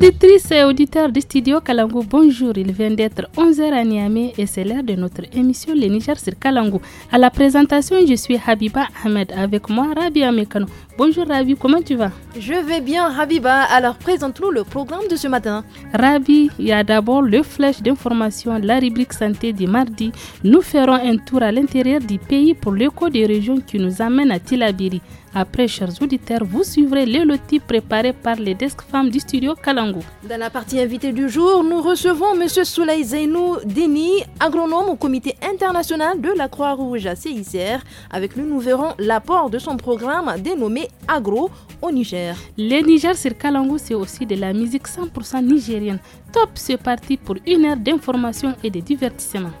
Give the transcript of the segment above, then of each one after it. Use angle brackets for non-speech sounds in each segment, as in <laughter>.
Auditrice et auditeur du studio Kalangu, bonjour. Il vient d'être 11h à Niamey et c'est l'heure de notre émission Les Niger sur Kalangu. À la présentation, je suis Habiba Ahmed avec moi, Rabi Amekano. Bonjour Rabi, comment tu vas Je vais bien Habiba, alors présente-nous le programme de ce matin. Rabi, il y a d'abord le flèche d'information, la rubrique santé du mardi. Nous ferons un tour à l'intérieur du pays pour l'écho des régions qui nous amène à Tilabiri. Après, chers auditeurs, vous suivrez les lotis préparés par les desk femmes du studio Kalangu. Dans la partie invitée du jour, nous recevons M. Souley Zainou Deni, agronome au Comité international de la Croix-Rouge à CICR. Avec lui, nous verrons l'apport de son programme dénommé Agro au Niger. Les Niger sur Kalangu, c'est aussi de la musique 100% nigérienne. Top, c'est parti pour une heure d'information et de divertissement.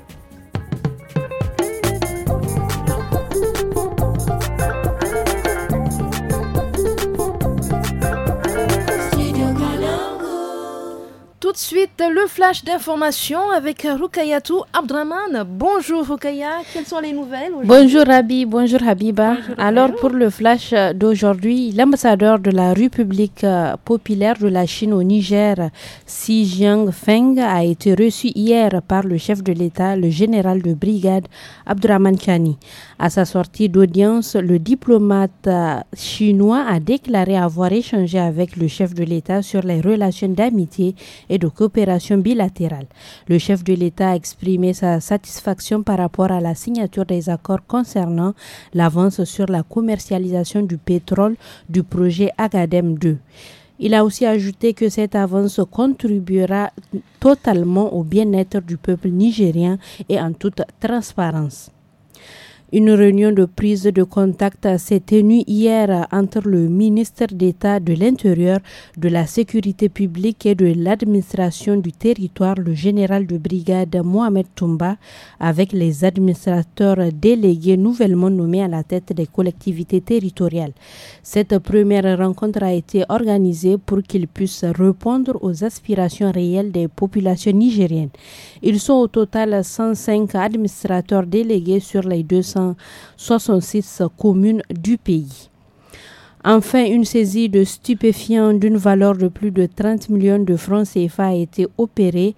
tout de suite le flash d'information avec Rukayatou Abdraman. Bonjour Rukaya, quelles sont les nouvelles Bonjour Rabi, bonjour Habiba. Alors pour le flash d'aujourd'hui, l'ambassadeur de la République euh, populaire de la Chine au Niger, Xi Feng, a été reçu hier par le chef de l'État, le général de brigade Abdraman Chani. À sa sortie d'audience, le diplomate euh, chinois a déclaré avoir échangé avec le chef de l'État sur les relations d'amitié et de coopération bilatérale. Le chef de l'État a exprimé sa satisfaction par rapport à la signature des accords concernant l'avance sur la commercialisation du pétrole du projet Agadem 2. Il a aussi ajouté que cette avance contribuera totalement au bien-être du peuple nigérien et en toute transparence. Une réunion de prise de contact s'est tenue hier entre le ministre d'État de l'Intérieur, de la Sécurité publique et de l'administration du territoire, le général de brigade Mohamed Toumba, avec les administrateurs délégués nouvellement nommés à la tête des collectivités territoriales. Cette première rencontre a été organisée pour qu'ils puissent répondre aux aspirations réelles des populations nigériennes. Ils sont au total 105 administrateurs délégués sur les 200 66 communes du pays. Enfin, une saisie de stupéfiants d'une valeur de plus de 30 millions de francs CFA a été opérée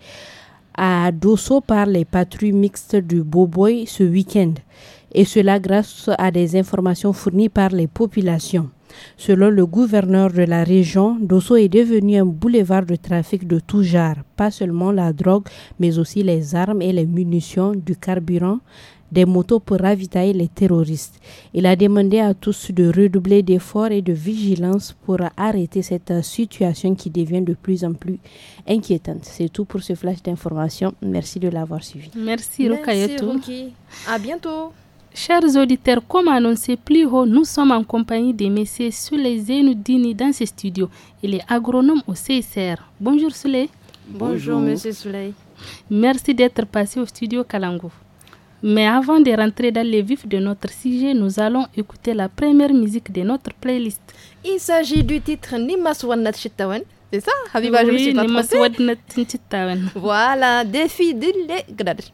à Dosso par les patrouilles mixtes du Boboy ce week-end, et cela grâce à des informations fournies par les populations. Selon le gouverneur de la région, Dosso est devenu un boulevard de trafic de tout genre, pas seulement la drogue, mais aussi les armes et les munitions, du carburant, des motos pour ravitailler les terroristes. Il a demandé à tous de redoubler d'efforts et de vigilance pour arrêter cette situation qui devient de plus en plus inquiétante. C'est tout pour ce flash d'information. Merci de l'avoir suivi. Merci, Merci À bientôt. Chers auditeurs, comme annoncé plus haut, nous sommes en compagnie de M. Suley Zenoudini dans ce studio. Il est agronome au CSR. Bonjour Soleil. Bonjour, Monsieur M. Merci d'être passé au studio Kalango. Mais avant de rentrer dans les vifs de notre sujet, nous allons écouter la première musique de notre playlist. Il s'agit du titre Nimas Chittawen. C'est ça, Habiba, je me suis Voilà, défi de l'église ».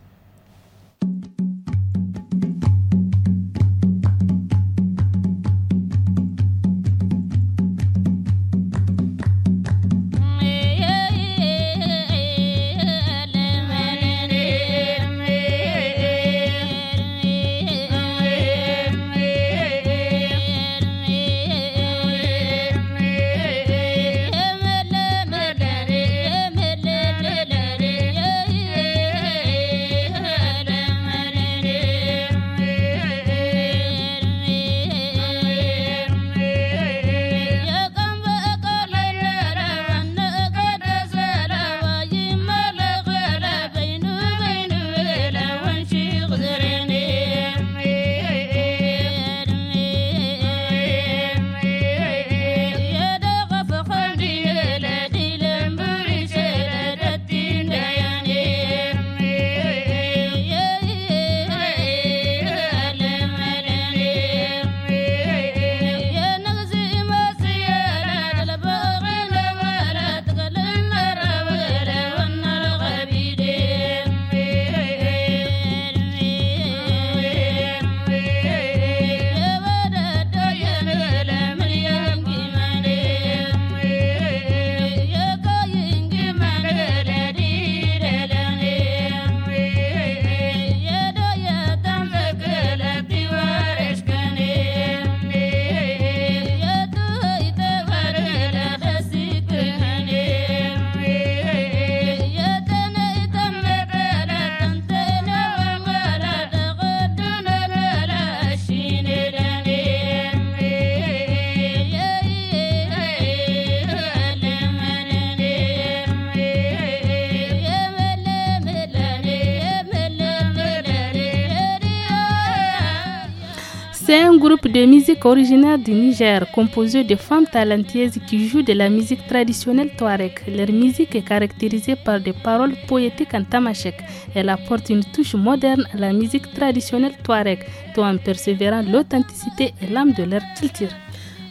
de musique originaire du Niger, composée de femmes talentueuses qui jouent de la musique traditionnelle touareg. Leur musique est caractérisée par des paroles poétiques en tamashek. Elle apporte une touche moderne à la musique traditionnelle touareg, tout en persévérant l'authenticité et l'âme de leur culture.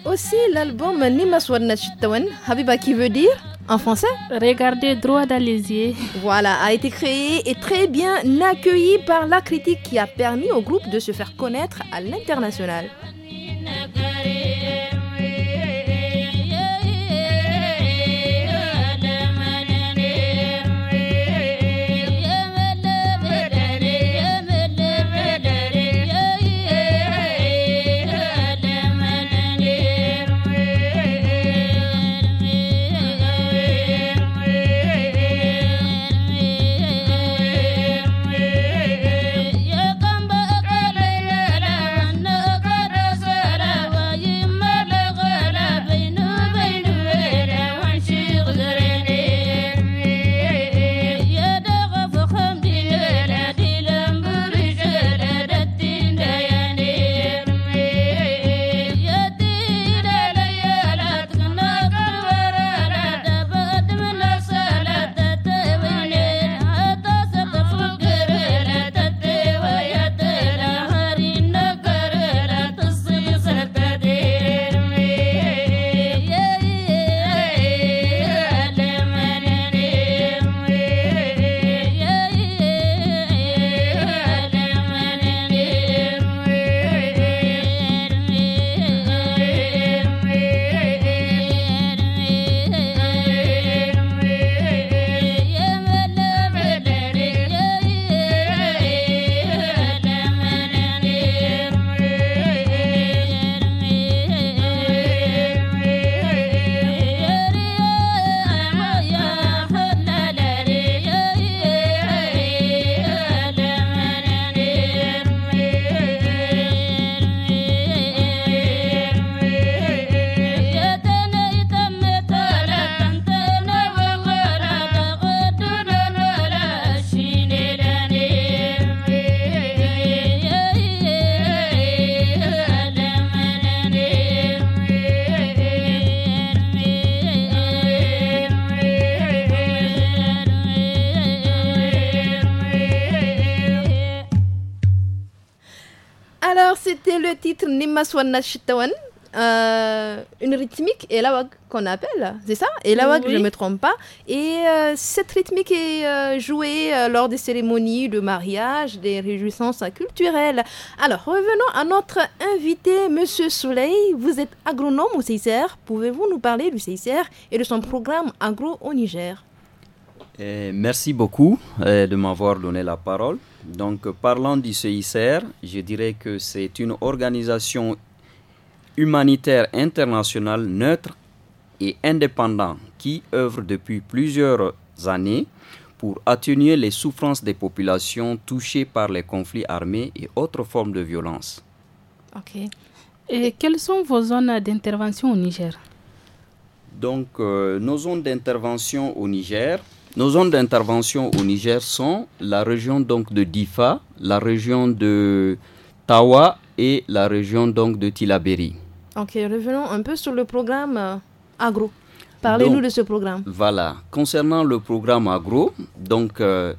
Aussi, l'album Nima Habiba qui veut dire en français Regardez droit dans Voilà, a été créé et très bien accueilli par la critique qui a permis au groupe de se faire connaître à l'international. Euh, une rythmique et la qu'on appelle, c'est ça Et la je ne me trompe pas. Et euh, cette rythmique est euh, jouée lors des cérémonies de mariage, des réjouissances culturelles. Alors, revenons à notre invité, Monsieur Soleil. Vous êtes agronome au CICR. Pouvez-vous nous parler du CICR et de son programme agro au Niger eh, Merci beaucoup de m'avoir donné la parole. Donc, parlant du CICR, je dirais que c'est une organisation humanitaire internationale neutre et indépendante qui œuvre depuis plusieurs années pour atténuer les souffrances des populations touchées par les conflits armés et autres formes de violence. Ok. Et quelles sont vos zones d'intervention au Niger Donc, euh, nos zones d'intervention au Niger, nos zones d'intervention au Niger sont la région donc de Difa, la région de Tawa et la région donc de Tilaberi. Ok, revenons un peu sur le programme euh, agro. Parlez-nous de ce programme. Voilà, concernant le programme agro, donc euh,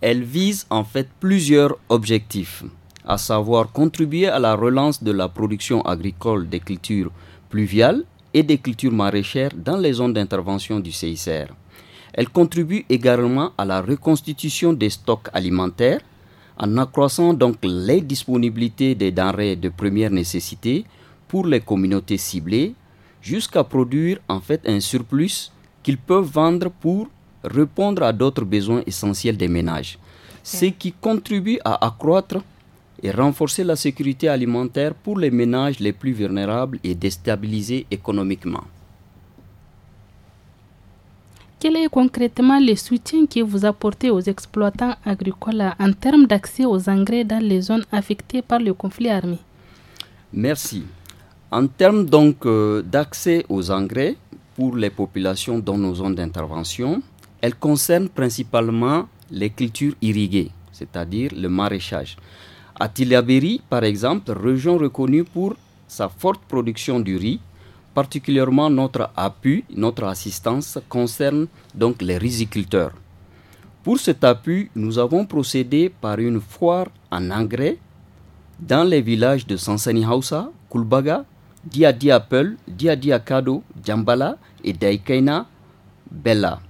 elle vise en fait plusieurs objectifs, à savoir contribuer à la relance de la production agricole des cultures pluviales et des cultures maraîchères dans les zones d'intervention du CICR elle contribue également à la reconstitution des stocks alimentaires en accroissant donc les disponibilités des denrées de première nécessité pour les communautés ciblées jusqu'à produire en fait un surplus qu'ils peuvent vendre pour répondre à d'autres besoins essentiels des ménages, ce qui contribue à accroître et renforcer la sécurité alimentaire pour les ménages les plus vulnérables et déstabilisés économiquement quel est concrètement le soutien que vous apportez aux exploitants agricoles en termes d'accès aux engrais dans les zones affectées par le conflit armé Merci. En termes donc euh, d'accès aux engrais pour les populations dans nos zones d'intervention, elles concernent principalement les cultures irriguées, c'est-à-dire le maraîchage. À par exemple, région reconnue pour sa forte production du riz, particulièrement notre appui, notre assistance concerne donc les riziculteurs. Pour cet appui, nous avons procédé par une foire en engrais dans les villages de Sansani Hausa, Kulbaga, Diadi Akado Djambala et Daikaina Bella.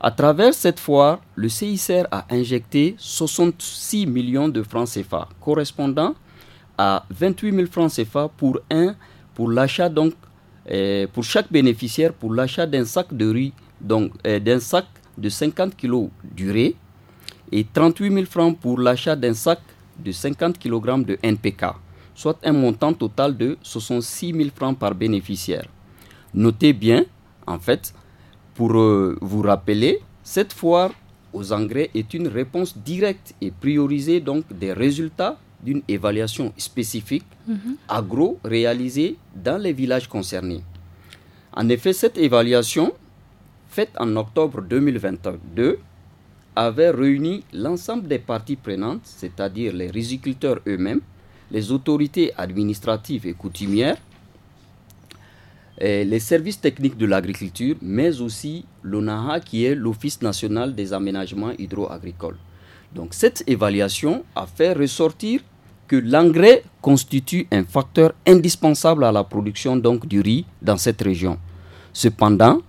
À travers cette foire, le CICR a injecté 66 millions de francs CFA, correspondant à 28 000 francs CFA pour un pour l'achat donc eh, pour chaque bénéficiaire pour l'achat d'un sac de riz, donc eh, d'un sac de 50 kg durée et 38 000 francs pour l'achat d'un sac de 50 kg de NPK, soit un montant total de 66 000 francs par bénéficiaire. Notez bien, en fait, pour euh, vous rappeler, cette foire aux engrais est une réponse directe et priorisée donc des résultats d'une évaluation spécifique mhm. agro réalisée dans les villages concernés. En effet, cette évaluation, faite en octobre 2022, avait réuni l'ensemble des parties prenantes, c'est-à-dire les riziculteurs eux-mêmes, les autorités administratives et coutumières, les services techniques de l'agriculture, mais aussi l'ONAHA qui est l'Office national des aménagements hydro-agricoles. Donc cette évaluation a fait ressortir l'engrais constitue un facteur indispensable à la production donc du riz dans cette région. Cependant,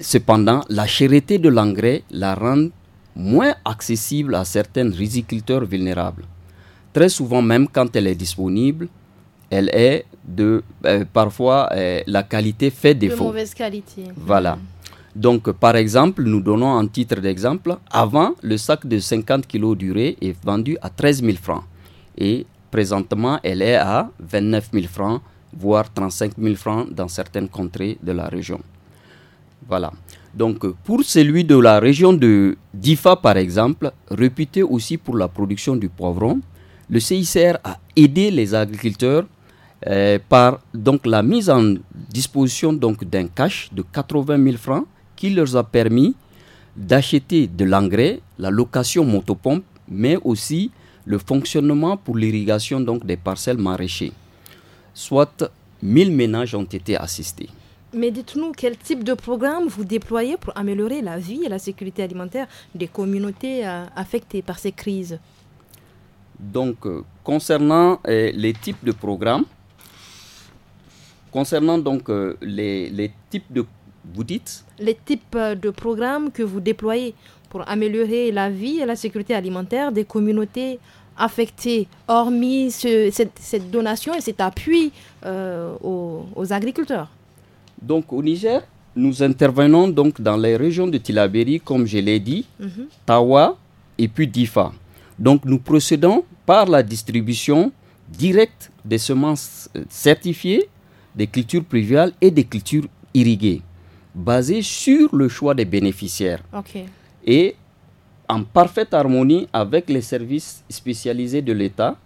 cependant la chérité de l'engrais la rend moins accessible à certains riziculteurs vulnérables. Très souvent même quand elle est disponible, elle est de euh, parfois euh, la qualité fait défaut. De mauvaise qualité. Voilà. Donc, par exemple, nous donnons en titre d'exemple, avant, le sac de 50 kg riz est vendu à 13 000 francs et présentement elle est à 29 000 francs, voire 35 000 francs dans certaines contrées de la région. Voilà. Donc pour celui de la région de Difa par exemple, réputé aussi pour la production du poivron, le CICR a aidé les agriculteurs euh, par donc la mise en disposition donc d'un cash de 80 000 francs qui leur a permis d'acheter de l'engrais, la location motopompe, mais aussi le fonctionnement pour l'irrigation donc des parcelles maraîchers, Soit 1000 ménages ont été assistés. Mais dites-nous quel type de programme vous déployez pour améliorer la vie et la sécurité alimentaire des communautés euh, affectées par ces crises Donc, euh, concernant euh, les types de programmes, concernant donc les, les, types de vous dites Les types de programmes que vous déployez pour améliorer la vie et la sécurité alimentaire des communautés affectées, hormis cette, donation et cet appui euh, aux, agriculteurs Donc au Niger, nous intervenons donc dans les régions de Tilaberi, comme je l'ai dit, mhm. Tawa et puis Difa. Donc nous procédons par la distribution directe des semences euh, certifiées, des cultures pluviales et des cultures irriguées, basées sur le choix des bénéficiaires. Ok et en parfaite harmonie avec les services spécialisés de l'État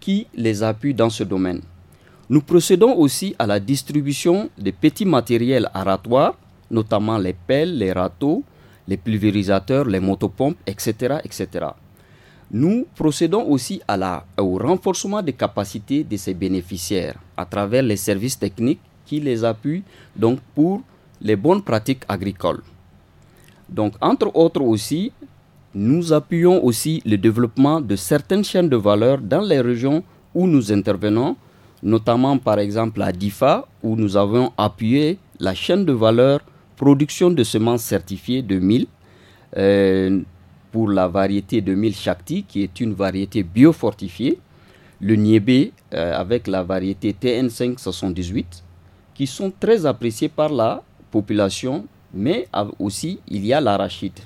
qui les appuient dans ce domaine. Nous procédons aussi à la distribution des petits matériels aratoires, notamment les pelles, les râteaux, les pulvérisateurs, les motopompes, etc. etc. Nous procédons aussi au renforcement des capacités de ces bénéficiaires à travers les services techniques qui les appuient donc pour les bonnes pratiques agricoles. Donc, entre autres aussi, nous appuyons aussi le développement de certaines chaînes de valeur dans les régions où nous intervenons, notamment par exemple à DIFA, où nous avons appuyé la chaîne de valeur production de semences certifiées de euh, pour la variété de 2000 Shakti, qui est une variété biofortifiée, le Niébé euh, avec la variété TN578, qui sont très appréciés par la population mais aussi il y a l'arachide.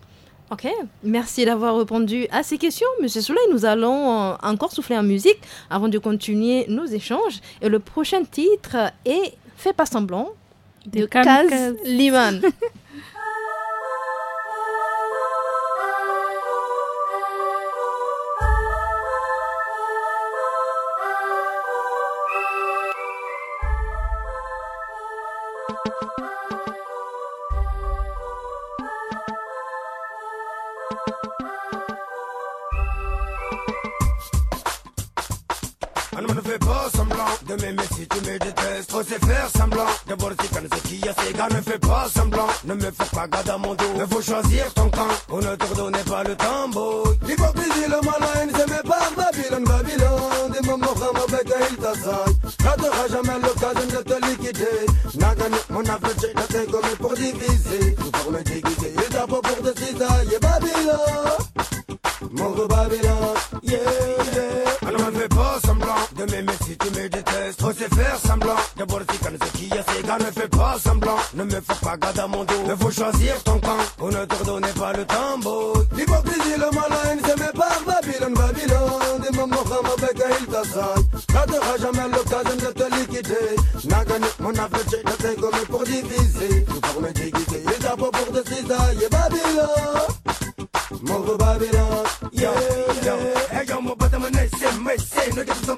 Ok, merci d'avoir répondu à ces questions, Monsieur Soleil. Nous allons euh, encore souffler en musique avant de continuer nos échanges. Et le prochain titre est Fais pas semblant de, de Kaz Liman. <laughs> fais faire semblant. D'abord, si quand c'est qui, ces gars, ne fais pas semblant. Ne me fais pas garder à mon dos. Il faut choisir ton camp. On ne te redonnait pas le tambour L'hypocrisie, le malin, c'est mes pas Babylone, Babylone. Des moments vraiment bête, il t'assaille. le jamais l'occasion de te liquider. Nagani, mon afflèche, n'a t'es commis pour diviser. Tout pour me déguiser. Et d'abord pour te cisailler, Babylone. Mon gros yeah, yeah de m'aimer si tu me détestes. Trop c'est faire semblant, d'abord si quand c'est qui ces gars, ne fais pas semblant. Ne me fais pas garder à mon dos, ne faut choisir ton camp. ou ne te redonner pas le tambour. L'hypocrisie, le malin, c'est mes par Babylone, Babylone. Des mamans, avec il t'assaille. T'auras jamais l'occasion de te liquider. N'a gagné mon affaire je t'ai commis pour diviser. Tout pour me déguiser, et d'abord pour te cisailler. Babylone. Mon Babylone, yeah, yeah. Hey yo, Mon brother, my name is Sam, c'est name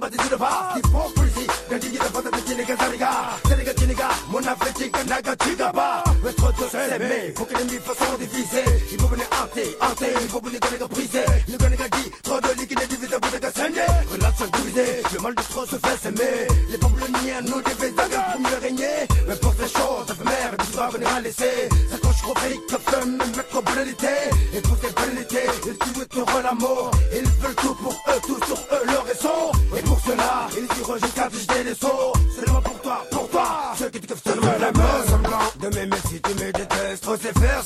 hanté, il faut que les gars brisés. Les gars dit, trop de liquide divisé, vous êtes saigné. Relation divisée, le mal de trop se fait s'aimer. Les le niens, nous devons d'ailleurs pour mieux régner. Mais pour ces choses merde, tu ça venir à laisser. Ça coche trop vite, ça fait me mettre en l'été Et pour ces l'été, ils suivent la mort. Ils veulent tout pour eux, tout sur eux, leur raison. Et pour cela, ils diront jusqu'à jeter les sauts. Seulement pour toi, pour toi, ceux qui te kiffent seulement la mort. Semblant de mes si tu me détestes, trop c'est faire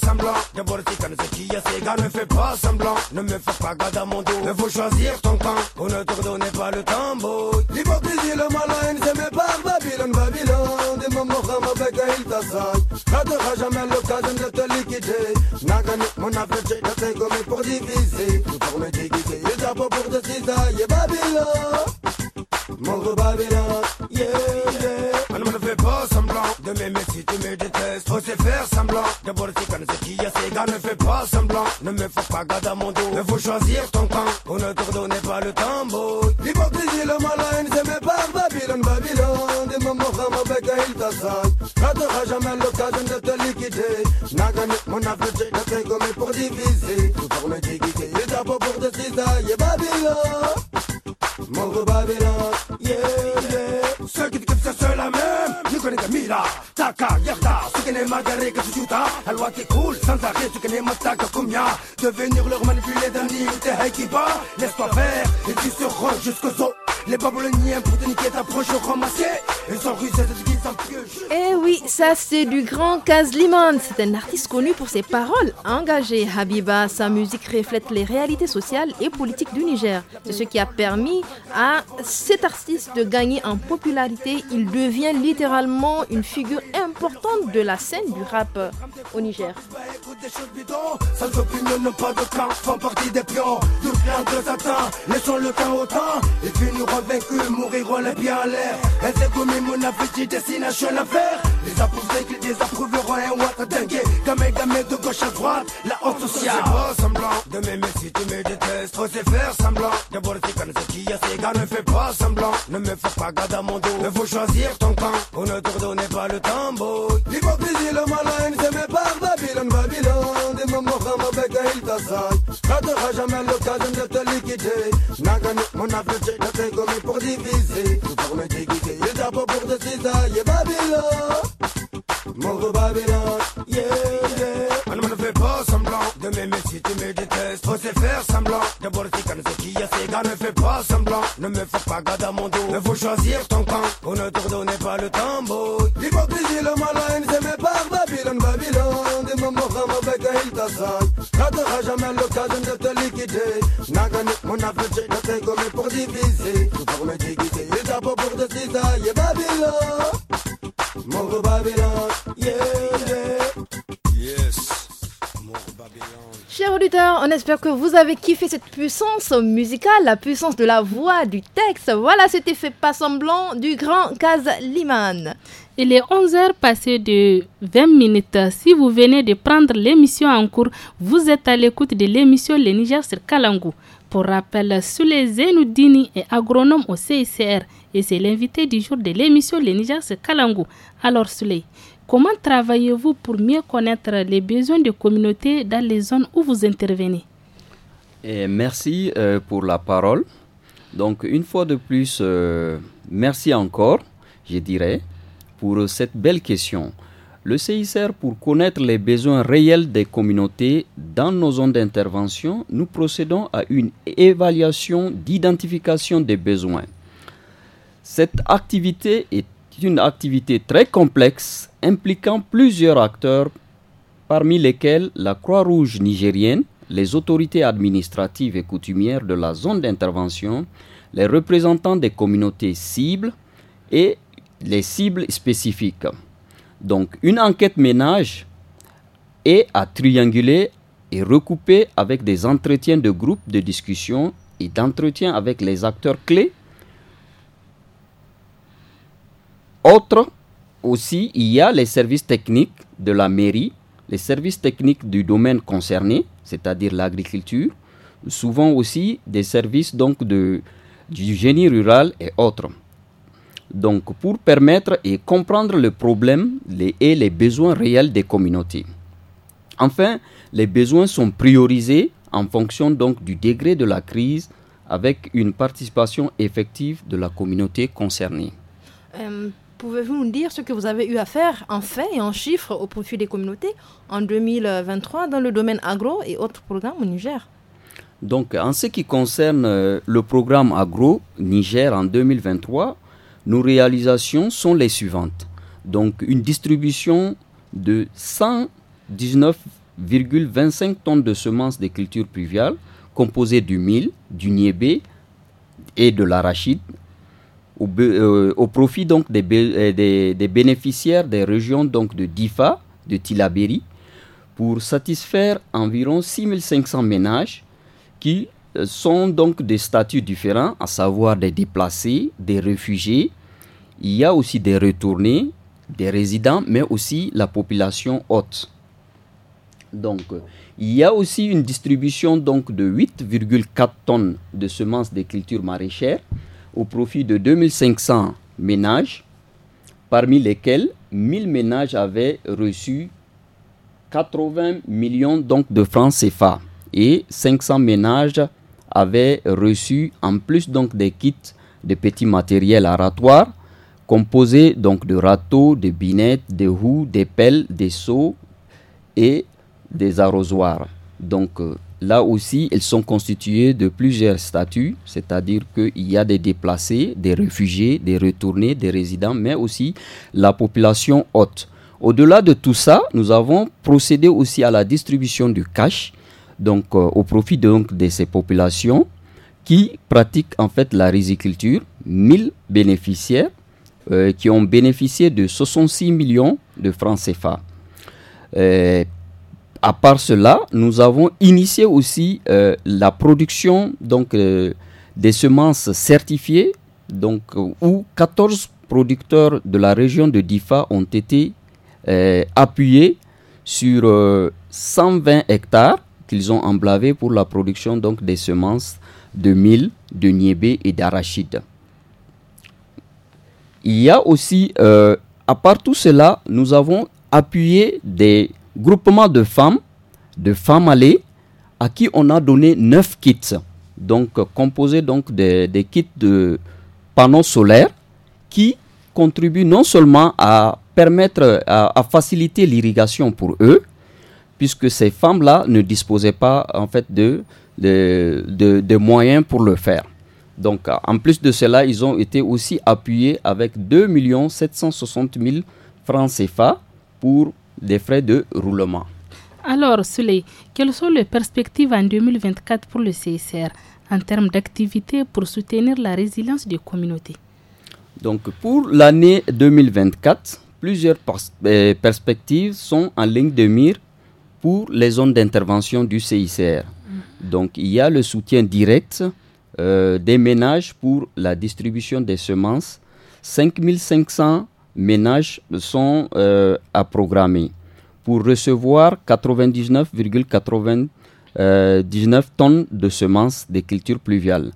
ne ne fais pas semblant, ne me fais pas garde à mon dos. Ne faut choisir ton camp, pour ne te redonner pas le tambour. L'hypocrisie, le malin, c'est mes pas Babylone, Babylone. Des mamans, avec un il t'assaille. T'attendras jamais l'occasion de te liquider. Nagani, mon appétit, je t'ai commis pour diviser. Tout pour me déguiser, Et pas pour te cisailler. Babylone, mon gros Babylone. Mais si tu me détestes. Faut se faire semblant. D'abord, c'est ne ce qu'il y a, ces gars, ne fais pas semblant. Ne me fais pas garder à mon dos. Il faut choisir ton camp. Pour ne te redonner pas le tambour. L'hypocrisie, le malin, c'est mes pas Babylone, Babylone. Des mamans, t'a bec, il ne perdrai jamais l'occasion de te liquider. N'a gagné mon avenir, je t'ai gommé pour diviser. Tout pour me déguiser. Et d'abord pour te cisailler, Babylone. Mon gros Babylone. mpira taka yarda tukene magareka la loi qui cool sans arrêt tukene que kumia. devenir leur manipuler d'un niveau t'es haïkiba laisse-toi faire et tu seras jusqu'au zo les pour te niquer au ramassé. et Eh oui, ça c'est du grand Kazliman. C'est un artiste connu pour ses paroles engagées. Habiba, sa musique reflète les réalités sociales et politiques du Niger. C'est ce qui a permis à cet artiste de gagner en popularité. Il devient littéralement une figure importante de la scène du rap au Niger convaincu, mouriront les est bien en l'air. Elle c'est comme mon appétit, destination à faire. Les approuvés qui désapprouveront va watt dingue. Gamé, gamé de gauche à droite, la honte sociale. C'est pas semblant de m'aimer si tu me détestes. Trop c'est faire semblant. D'abord, c'est quand c'est qui a ces gars, ne fais pas semblant. Ne me fais pas garder à mon dos. Ne faut choisir ton camp. On ne te redonner pas le tambour. L'hypocrisie, le malin, c'est mes par Babylone, Babylone. Des moments avec un il t'assaille. Ça t'aura jamais l'occasion de te liquider. Nagani, mon appétit, ne t'égo pour diviser, tout pour me j'ai Le drapeau pour te Babylone, mon Babylone, yeah, yeah. On me fait pas semblant de mes si tu me détestes. Faut se faire semblant de tu Yes, gars, ne fais pas semblant. Ne me fais pas garde à mon dos. Ne faut choisir ton camp. Pour ne te redonner pas le tambour. L'hypocrisie, le malin, c'est mes par Babylone, Babylone. Des moments il avec un Tu N'attendra jamais l'occasion de te liquider. N'a gagné mon avenir, je t'ai commis pour diviser. pour me il Et d'abord pour te cisailler, Babylone. Mon gros Babylone, yeah, yeah. Yes. Chers auditeurs, on espère que vous avez kiffé cette puissance musicale, la puissance de la voix, du texte. Voilà cet effet pas semblant du grand gaz Liman. Il est 11h passé de 20 minutes. Si vous venez de prendre l'émission en cours, vous êtes à l'écoute de l'émission Les Niger sur Kalangou. Pour rappel, Sule Zenoudini est agronome au CICR et c'est l'invité du jour de l'émission Les Niger sur Kalangou. Alors Suley Comment travaillez-vous pour mieux connaître les besoins des communautés dans les zones où vous intervenez Merci euh, pour la parole. Donc une fois de plus, euh, merci encore, je dirais, pour cette belle question. Le CICR, pour connaître les besoins réels des communautés dans nos zones d'intervention, nous procédons à une évaluation d'identification des besoins. Cette activité est c'est une activité très complexe impliquant plusieurs acteurs, parmi lesquels la Croix-Rouge nigérienne, les autorités administratives et coutumières de la zone d'intervention, les représentants des communautés cibles et les cibles spécifiques. Donc une enquête ménage est à trianguler et recouper avec des entretiens de groupes de discussion et d'entretien avec les acteurs clés Autre aussi, il y a les services techniques de la mairie, les services techniques du domaine concerné, c'est-à-dire l'agriculture, souvent aussi des services donc de, du génie rural et autres. Donc pour permettre et comprendre le problème les, et les besoins réels des communautés. Enfin, les besoins sont priorisés en fonction donc du degré de la crise avec une participation effective de la communauté concernée. Euh, pouvez-vous nous dire ce que vous avez eu à faire en fait et en chiffres au profit des communautés en 2023 dans le domaine agro et autres programmes au Niger Donc, en ce qui concerne euh, le programme agro Niger en 2023, nos réalisations sont les suivantes. Donc, une distribution de 119,25 tonnes de semences des cultures pluviales composées du mil, du niébé et de l'arachide euh, au, profit donc euh, des, bénéficiaires des régions donc de Difa, de Tilaberi, pour satisfaire environ 6500 ménages qui euh, sont donc des statuts différents, à savoir des déplacés, des réfugiés. Il y a aussi des retournés, des résidents, mais aussi la population haute. Donc, il y a aussi une distribution donc de 8,4 tonnes de semences de cultures maraîchères au profit de 2500 ménages, parmi lesquels 1000 ménages avaient reçu 80 millions donc de francs CFA et 500 ménages avaient reçu en plus donc des kits de petits matériels aratoires composés donc de râteaux, de binettes, de roues, des pelles, des seaux et des arrosoirs. Donc euh, Là aussi, elles sont constituées de plusieurs statuts, c'est-à-dire qu'il y a des déplacés, des réfugiés, des retournés, des résidents, mais aussi la population haute. Au-delà de tout ça, nous avons procédé aussi à la distribution du cash, donc euh, au profit donc de ces populations qui pratiquent en fait la riziculture, 1000 bénéficiaires euh, qui ont bénéficié de 66 millions de francs CFA. Euh, à part cela, nous avons initié aussi euh, la production donc, euh, des semences certifiées, donc, euh, où 14 producteurs de la région de Difa ont été appuyés sur 120 hectares qu'ils ont emblavés pour la production donc, des semences de mil, de niébé et d'arachide. Il y a aussi, à part tout cela, nous avons appuyé des groupement de femmes, de femmes allées, à qui on a donné 9 kits, donc euh, composés donc des, kits de panneaux solaires qui contribuent non seulement à permettre, à, faciliter l'irrigation pour eux, puisque ces femmes-là ne disposaient pas en fait de, de, moyens pour le faire. Donc, euh, en plus de cela, ils ont été aussi appuyés avec 2 760 000 francs CFA pour des frais de roulement. Alors, Soleil, quelles sont les perspectives en 2024 pour le CICR en termes d'activité pour soutenir la résilience des communautés Donc, pour l'année 2024, plusieurs euh, perspectives sont en ligne de mire pour les zones d'intervention du CICR. Mm. Donc, il y a le soutien direct euh, des ménages pour la distribution des semences, 5500 ménages sont euh, à programmer pour recevoir 99,99 tonnes de semences des cultures pluviales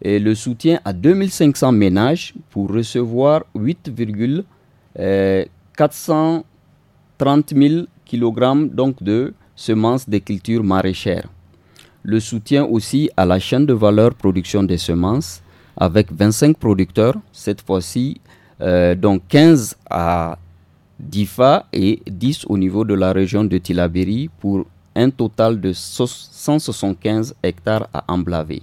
et le soutien à 2500 ménages pour recevoir 8,430 000 kg donc de semences des cultures maraîchères. Le soutien aussi à la chaîne de valeur production des semences avec 25 producteurs, cette fois-ci euh, donc 15 à Difa et 10 au niveau de la région de Tilaberi pour un total de 175 hectares à emblaver.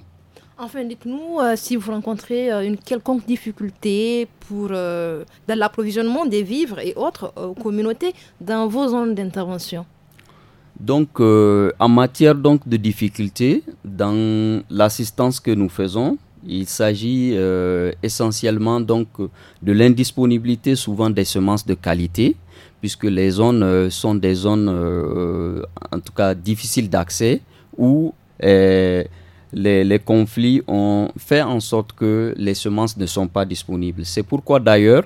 Enfin, dites-nous euh, si vous rencontrez euh, une quelconque difficulté pour, dans l'approvisionnement des vivres et autres communautés dans vos zones d'intervention. Donc, en matière donc, de difficultés, dans l'assistance que nous faisons, il s'agit euh, essentiellement donc euh, de l'indisponibilité souvent des semences de qualité, puisque les zones euh, sont des zones en tout cas difficiles d'accès où les, conflits ont fait en sorte que les semences ne sont pas disponibles. C'est pourquoi d'ailleurs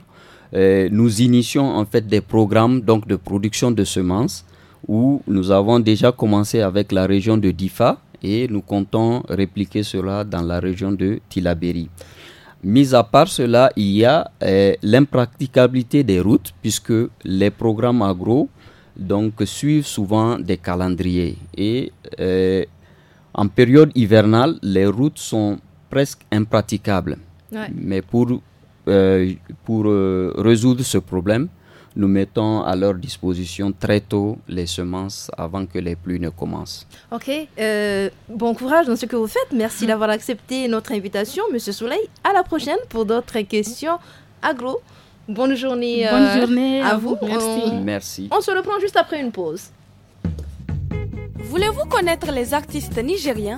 nous initions en fait des programmes donc de production de semences où nous avons déjà commencé avec la région de Difa et nous comptons répliquer cela dans la région de Tilaberi. Mis à part cela, il y a euh, l'impraticabilité des routes puisque les programmes agro donc, suivent souvent des calendriers et euh, en période hivernale, les routes sont presque impraticables. Mais pour, euh, pour résoudre ce problème, nous mettons à leur disposition très tôt les semences avant que les pluies ne commencent. Ok, euh, bon courage dans ce que vous faites. Merci mm. d'avoir accepté notre invitation, Monsieur Soleil. À la prochaine pour d'autres questions agro. Bonne journée, euh, Bonne journée à vous. Merci. Merci. On se reprend juste après une pause. Voulez-vous connaître les artistes nigériens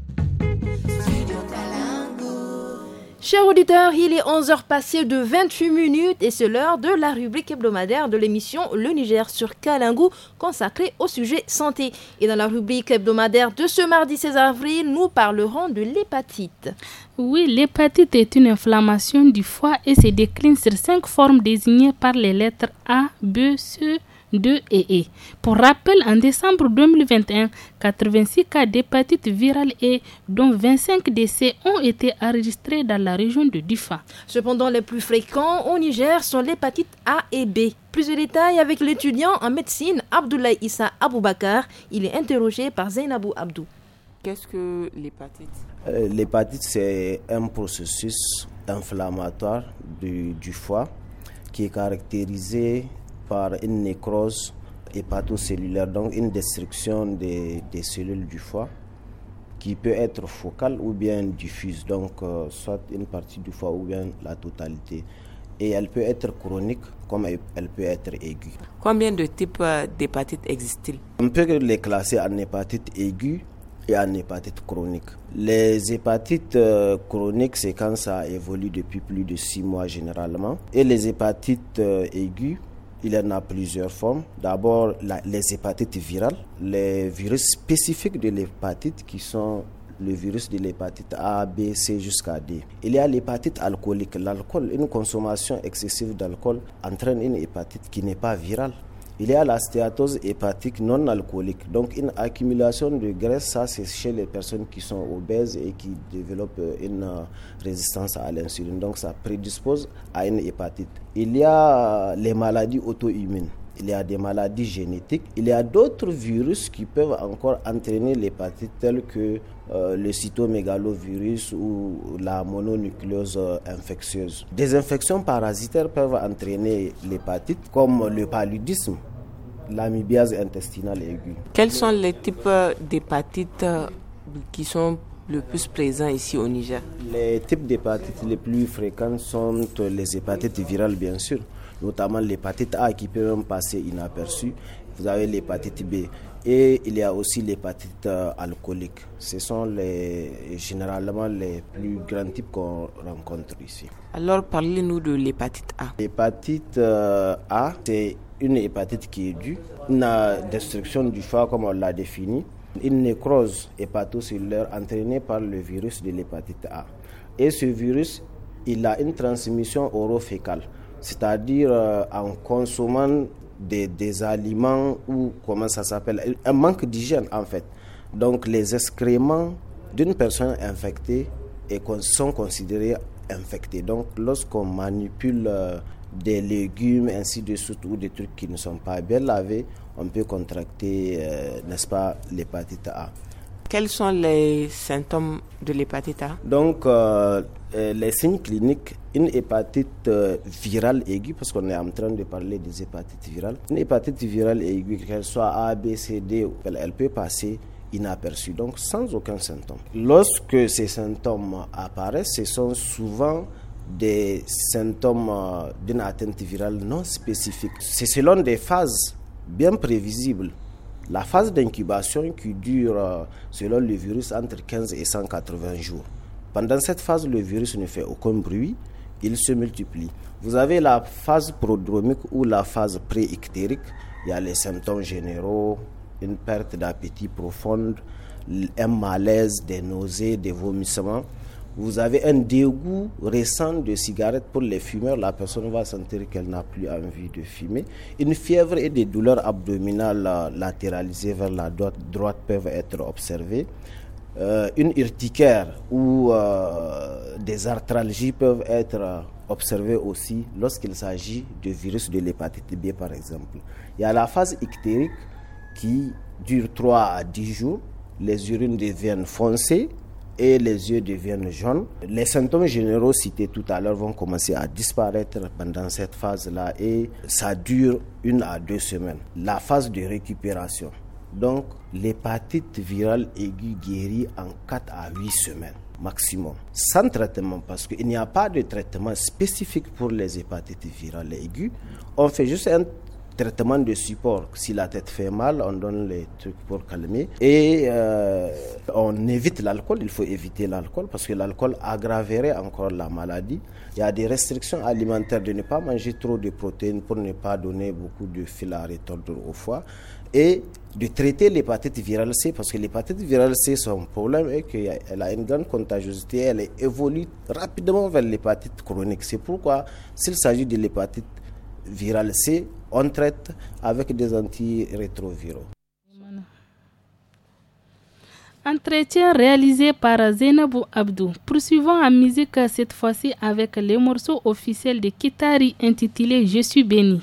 Chers auditeurs, il est 11h passé de 28 minutes et c'est l'heure de la rubrique hebdomadaire de l'émission Le Niger sur Kalingou consacrée au sujet santé. Et dans la rubrique hebdomadaire de ce mardi 16 avril, nous parlerons de l'hépatite. Oui, l'hépatite est une inflammation du foie et se décline sur cinq formes désignées par les lettres A, B, C, 2 e. Pour rappel, en décembre 2021, 86 cas d'hépatite virale et dont 25 décès, ont été enregistrés dans la région de Dufa. Cependant, les plus fréquents au Niger sont l'hépatite A et B. Plus de détails avec l'étudiant en médecine Abdoulaye Issa Aboubakar. Il est interrogé par Zainabou Abdou. Qu'est-ce que l'hépatite euh, L'hépatite, c'est un processus inflammatoire du, du foie qui est caractérisé par une nécrose hépatocellulaire, donc une destruction des, cellules du foie qui peut être focale ou bien diffuse, donc euh, soit une partie du foie ou bien la totalité. Et elle peut être chronique comme elle peut être aiguë. Combien de types d'hépatite existent-ils On peut les classer en hépatite aiguë et en hépatite chronique. Les hépatites euh, chroniques, c'est quand ça évolue depuis plus de six mois généralement. Et les hépatites euh, aiguës, il en a plusieurs formes. D'abord, les hépatites virales, les virus spécifiques de l'hépatite qui sont le virus de l'hépatite A, B, C jusqu'à D. Il y a l'hépatite alcoolique. L'alcool, une consommation excessive d'alcool entraîne une hépatite qui n'est pas virale il y a la stéatose hépatique non alcoolique. Donc une accumulation de graisse, ça c'est chez les personnes qui sont obèses et qui développent euh, une euh, résistance à l'insuline. Donc ça prédispose à une hépatite. Il y a les maladies auto-immunes il y a des maladies génétiques, il y a d'autres virus qui peuvent encore entraîner l'hépatite tels que euh, le cytomégalovirus ou la mononucléose infectieuse. Des infections parasitaires peuvent entraîner l'hépatite comme le paludisme l'amibiase intestinale aiguë. Quels sont les types d'hépatite euh, qui sont le plus présents ici au Niger Les types d'hépatites les plus fréquents sont les hépatites virales, bien sûr, notamment l'hépatite A qui peut même passer inaperçue. Vous avez l'hépatite B et il y a aussi l'hépatite euh, alcoolique. Ce sont les, généralement les plus grands types qu'on rencontre ici. Alors parlez-nous de l'hépatite A. L'hépatite euh, A, c'est une hépatite qui est due, une destruction du foie comme on l'a défini, une nécrose hépatocellulaire entraînée par le virus de l'hépatite A. Et ce virus, il a une transmission orofécale, c'est-à-dire euh, en consommant des, aliments ou comment ça s'appelle, un manque d'hygiène en fait. Donc les excréments d'une personne infectée et sont considérés infectés. Donc lorsqu'on manipule euh, des légumes, ainsi de suite, ou des trucs qui ne sont pas bien lavés, on peut contracter, euh, n'est-ce pas, l'hépatite A. Quels sont les symptômes de l'hépatite A Donc, euh, euh, les signes cliniques, une hépatite virale aiguë, parce qu'on est en train de parler des hépatites virales, une hépatite virale aiguë, qu'elle soit A, B, C, D, elle peut passer inaperçue, donc sans aucun symptôme. Lorsque ces symptômes apparaissent, ce sont souvent des symptômes euh, d'une atteinte virale non spécifique. C'est selon des phases bien prévisibles. La phase d'incubation qui dure, euh, selon le virus, entre 15 et 180 jours. Pendant cette phase, le virus ne fait aucun bruit, il se multiplie. Vous avez la phase prodromique ou la phase pré-ictérique. Il y a les symptômes généraux, une perte d'appétit profonde, un malaise, des nausées, des vomissements vous avez un dégoût récent de cigarettes pour les fumeurs, la personne va sentir qu'elle n'a plus envie de fumer. Une fièvre et des douleurs abdominales latéralisées vers la droite, peuvent être observées. Euh, une urticaire ou euh, des arthralgies peuvent être observées aussi lorsqu'il s'agit de virus de l'hépatite B par exemple. Il y a la phase ictérique qui dure 3 à 10 jours. Les urines deviennent foncées, et les yeux deviennent jaunes. Les symptômes généraux cités tout à l'heure vont commencer à disparaître pendant cette phase-là et ça dure une à deux semaines. La phase de récupération. Donc, l'hépatite virale aiguë guérit en quatre à 8 semaines maximum, sans traitement, parce qu'il n'y a pas de traitement spécifique pour les hépatites virales aiguës. On fait juste un traitement de support. Si la tête fait mal, on donne les trucs pour calmer. Et euh, on évite l'alcool, il faut éviter l'alcool parce que l'alcool aggraverait encore la maladie. Il y a des restrictions alimentaires de ne pas manger trop de protéines pour ne pas donner beaucoup de filar et au foie. Et de traiter l'hépatite virale C parce que l'hépatite virale C, son problème est qu'elle a une grande contagiosité, elle évolue rapidement vers l'hépatite chronique. C'est pourquoi s'il s'agit de l'hépatite viral C, on traite avec des antirétroviraux. Entretien réalisé par Zenabou Abdou. Poursuivons en musique cette fois-ci avec les morceaux officiels de Kitari intitulé Je suis béni.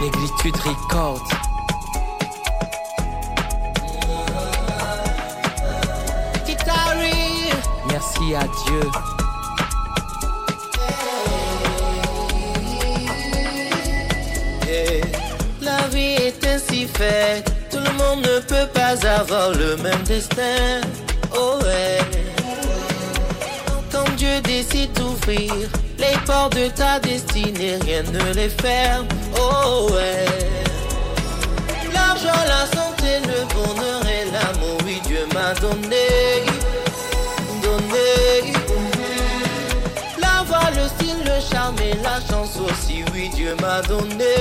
Négritude Dieu. Eh, la vie est ainsi faite, tout le monde ne peut pas avoir le même destin. Oh ouais. Eh. Quand Dieu décide d'ouvrir les portes de ta destinée, rien ne les ferme. Oh ouais. Eh. L'argent, la santé, le bonheur et l'amour, oui Dieu m'a donné. charmer la chance aussi, oui Dieu m'a donné,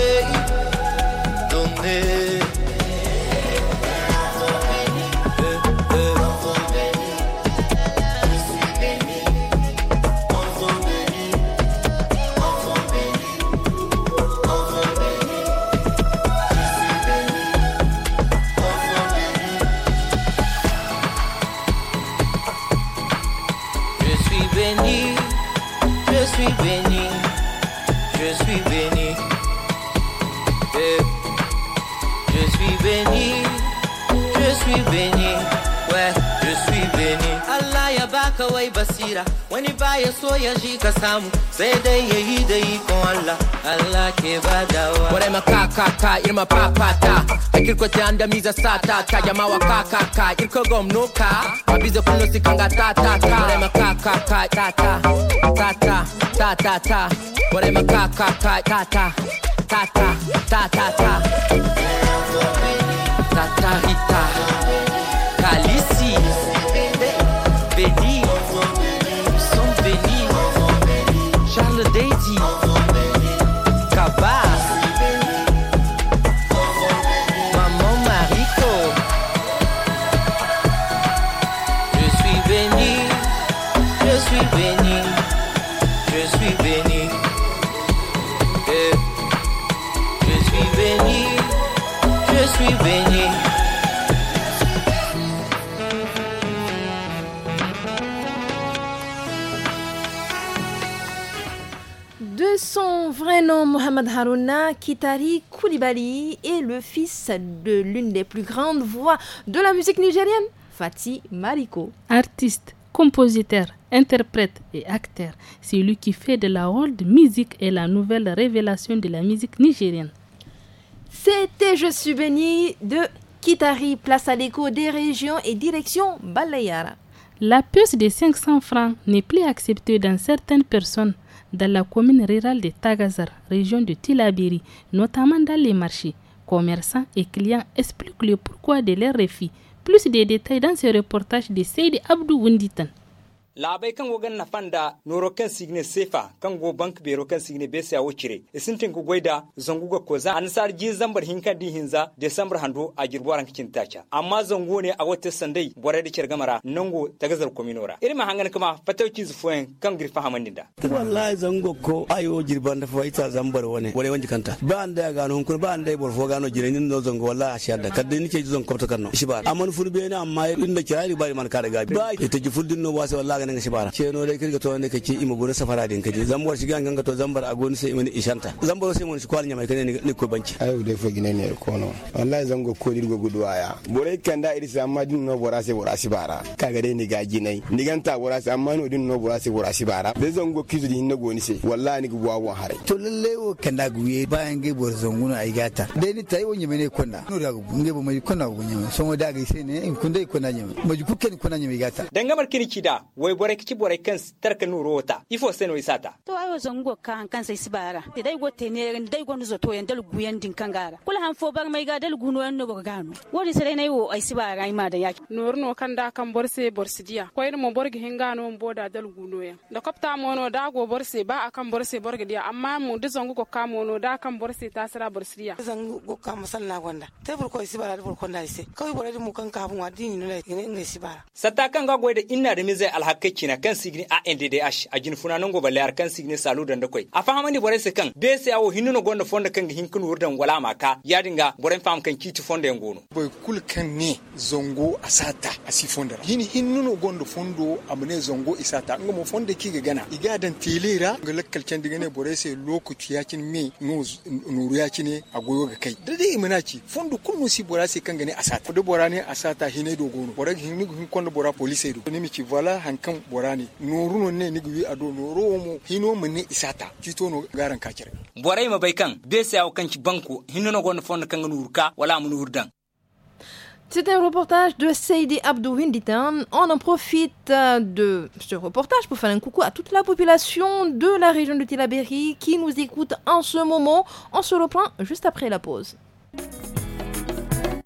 donné. basira wani baya so ya shi ka samu sai dai ya yi da ikon Allah Allah ke badawa Ware ma kakaka irma papata a kirkote an da miza satata yama wa kakaka irko gom noka abiza kuno si kanga tatata Ware ma kakaka tata tata tata tata Ware ma kakaka tata tata tata tata Tata hita Kalisi Son vrai nom, Mohamed Harouna Kitari Koulibaly, est le fils de l'une des plus grandes voix de la musique nigérienne, Fatih Mariko. Artiste, compositeur, interprète et acteur, c'est lui qui fait de la world music et la nouvelle révélation de la musique nigérienne. C'était Je suis béni de Kitari, place à l'écho des régions et direction Balayara. La puce de 500 francs n'est plus acceptée dans certaines personnes dans la commune rurale de Tagazar, région de Tilabiri, notamment dans les marchés. Commerçants et clients expliquent le pourquoi de leur refus. Plus de détails dans ce reportage de Seyd Abdou Wunditan. labai kan wogan na fanda noro kan signe sefa kan go bank bero kan signe bese a wucire isintin ku goida zangu ga koza ansar ji zambar hinka di hinza december hando a girboran kicin tacha amma zango ne a wata sandai bore da kirgamara nango tagazar kominora irin hangan kuma fatauci zufuwen kan girfa hamandinda wallahi zango ko ayo girban da faita zambar wane bore wanji kanta ba an da gano hunkun ba an da borfo gano jirenin no zango wallahi a shadda kadde ni nike ji zango kwafta kanno shi ba amma furbe ne amma inda kirari ba man ka daga ba ita ji fuldin no wasa wallahi ganin shi bara ke no dai kirga to ne kake ima gona safara din kaje zambar shiga ganga to zambar a gona sai imani ishanta zambar sai mun shi kwalnya mai kane ne ko banki ayo dai fa gine ne ko no wallahi zango ko dirgo guduwa ya bore kan da irisa amma din no bora sai bora shi bara kaga dai ni ga ginai ni ganta bora sai amma no din no bora sai bora shi bara dai zango kizu din na goni sai wallahi ni gwa won hare to lalle o kan da guye bayan gai bor zanguna ai gata dai ni tayi wonye mene ko na no da ngai bo mai ko na kunna ne so mo da ga sai ne in kun dai ko na ne ji kuke ni ko na ne mai gata dangamar kirki da wai bore kici bore kan tarka nuro wota ifo seno isata to ayo zango kan kan sai sibara te dai go tene dai go nzo to yandal guyan din kangara kula han fo bar mai ga dal guno yan no gano wori sai nai wo ai sibara ai ma da yaki norno kan da kan borse borsidiya ko irin mo borgi hingano mo boda dal guno yan da kopta mo no da go borse ba akan borse borgi dia amma mu da zango ko ka mo da kan borse ta sira borsidiya zango go ka masalla gonda te bur ko sibara bur ko ndai se kawai bore mu kan ka bu wa dini no ne ngai sibara sata kan ga go da inna da mi zai alhaka ke kina kan signi NDDH a jin funa nango balle ar kan signi salu dan da koi a fahama ni bore se kan de se awo hinno gonda fonda kan hin kun wurdan wala maka ya dinga bore fam kan kiti fonda ngono boy kul kan ne zongo asata asi fonda hin hinno gonda fondo amne zongo isata ngo mo fonda ki ga gana iga dan tilira ga lakkal can diga ne bore se lokaci ya kin me nuru ya kine a goyo ga kai da dai imana ci fondo kun musi bora se kan gane asata da bora ne asata hine dogono bora hin hin kon bora police do ne mi ci wala hankan C'est un reportage de Seydi Abdou Winditan. On en profite euh, de ce reportage pour faire un coucou à toute la population de la région de Tilaberi qui nous écoute en ce moment. On se reprend juste après la pause.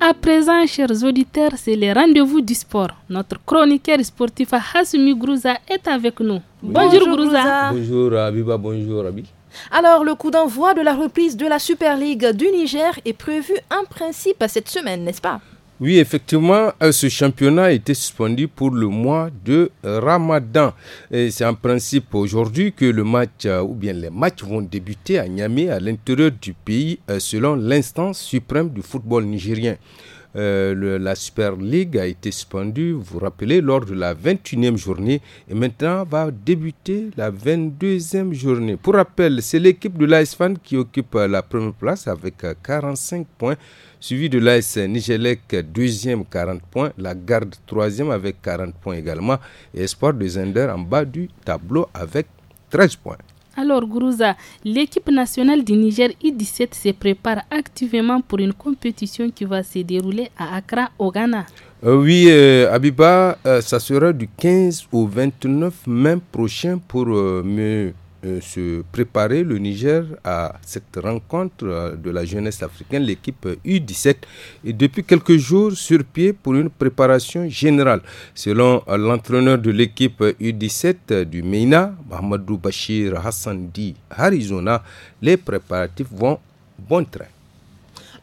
À présent, chers auditeurs, c'est les rendez-vous du sport. Notre chroniqueur sportif Hassoumi Grouza est avec nous. Bonjour, Grouza. Bonjour Abiba, bonjour Abi. Alors, le coup d'envoi de la reprise de la Super League du Niger est prévu en principe cette semaine, n'est-ce pas oui, effectivement, euh, ce championnat a été suspendu pour le mois de Ramadan. C'est en principe aujourd'hui que le match euh, ou bien les matchs vont débuter à Niamey, à l'intérieur du pays, euh, selon l'instance suprême du football nigérien. la Super League a été suspendue, vous vous rappelez, lors de la 21e journée. Et maintenant va débuter la 22e journée. Pour rappel, c'est l'équipe de Fan qui occupe la première place avec 45 points suivi de l'AS Nigelec deuxième 40 points, la garde troisième avec 40 points également et Espoir de Zender en bas du tableau avec 13 points. Alors Gourouza, l'équipe nationale du Niger I-17 se prépare activement pour une compétition qui va se dérouler à Accra au Ghana. Euh, oui, euh, Abiba, euh, ça sera du 15 au 29 mai prochain pour mieux euh, se préparer le Niger à cette rencontre euh, de la jeunesse africaine, l'équipe U17, euh, est depuis quelques jours sur pied pour une préparation générale. Selon l'entraîneur de l'équipe U17 du MENA, Mahmoudou Bachir Hassandi Arizona, les préparatifs vont bon train.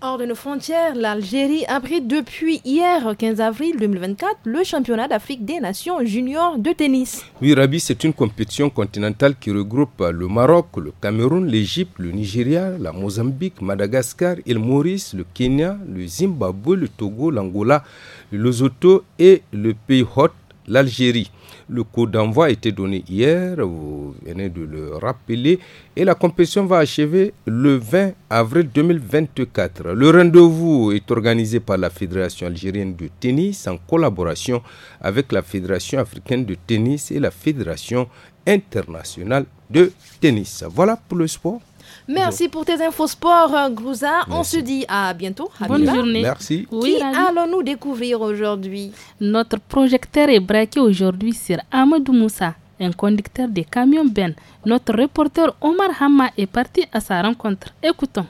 Hors de nos frontières, l'Algérie a pris depuis hier 15 avril 2024 le championnat d'Afrique des Nations juniors de tennis. Oui, Rabi, c'est une compétition continentale qui regroupe le Maroc, le Cameroun, l'Égypte, le Nigeria, la Mozambique, Madagascar, île Maurice, le Kenya, le Zimbabwe, le Togo, l'Angola, le Lesotho et le pays hôte l'Algérie. Le coup d'envoi a été donné hier, vous venez de le rappeler, et la compétition va achever le 20 avril 2024. Le rendez-vous est organisé par la Fédération algérienne de tennis en collaboration avec la Fédération africaine de tennis et la Fédération internationale de tennis. Voilà pour le sport. Merci pour tes infos sport, euh, Grouza. On se dit à bientôt. Bonne journée. Merci. Oui, allons-nous découvrir aujourd'hui Notre projecteur est braqué aujourd'hui sur Ahmed Moussa, un conducteur de camion Ben. Notre reporter Omar Hamma est parti à sa rencontre. Écoutons.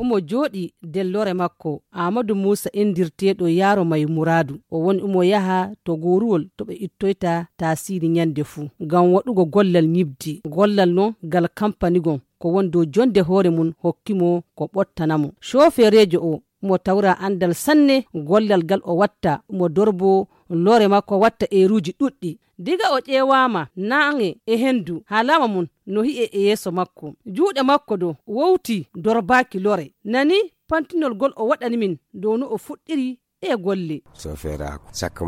omo jooɗi dellore makko amadou moussa indirteɗo yaaro may muradou o woni omo yaha to goruwol to ɓe ittoyta ta siini ñande fuu ngam waɗugo gollal ñibdi gollal no ngal campanigon ko won dow jonde hoore mum hokkimo ko ɓottanamo chofereejo o mo tawra andal sanne gollal ngal o watta mo dorbo lore makko watta eruji ɗuɗɗi diga o ƴeewama naange e hendu haalama mum no hi'e e yeeso makko juuɗe makko do wowti dorbaaki lore nani pantinol gol o waɗani min dow no o fuɗɗiri e golle soferaku sakko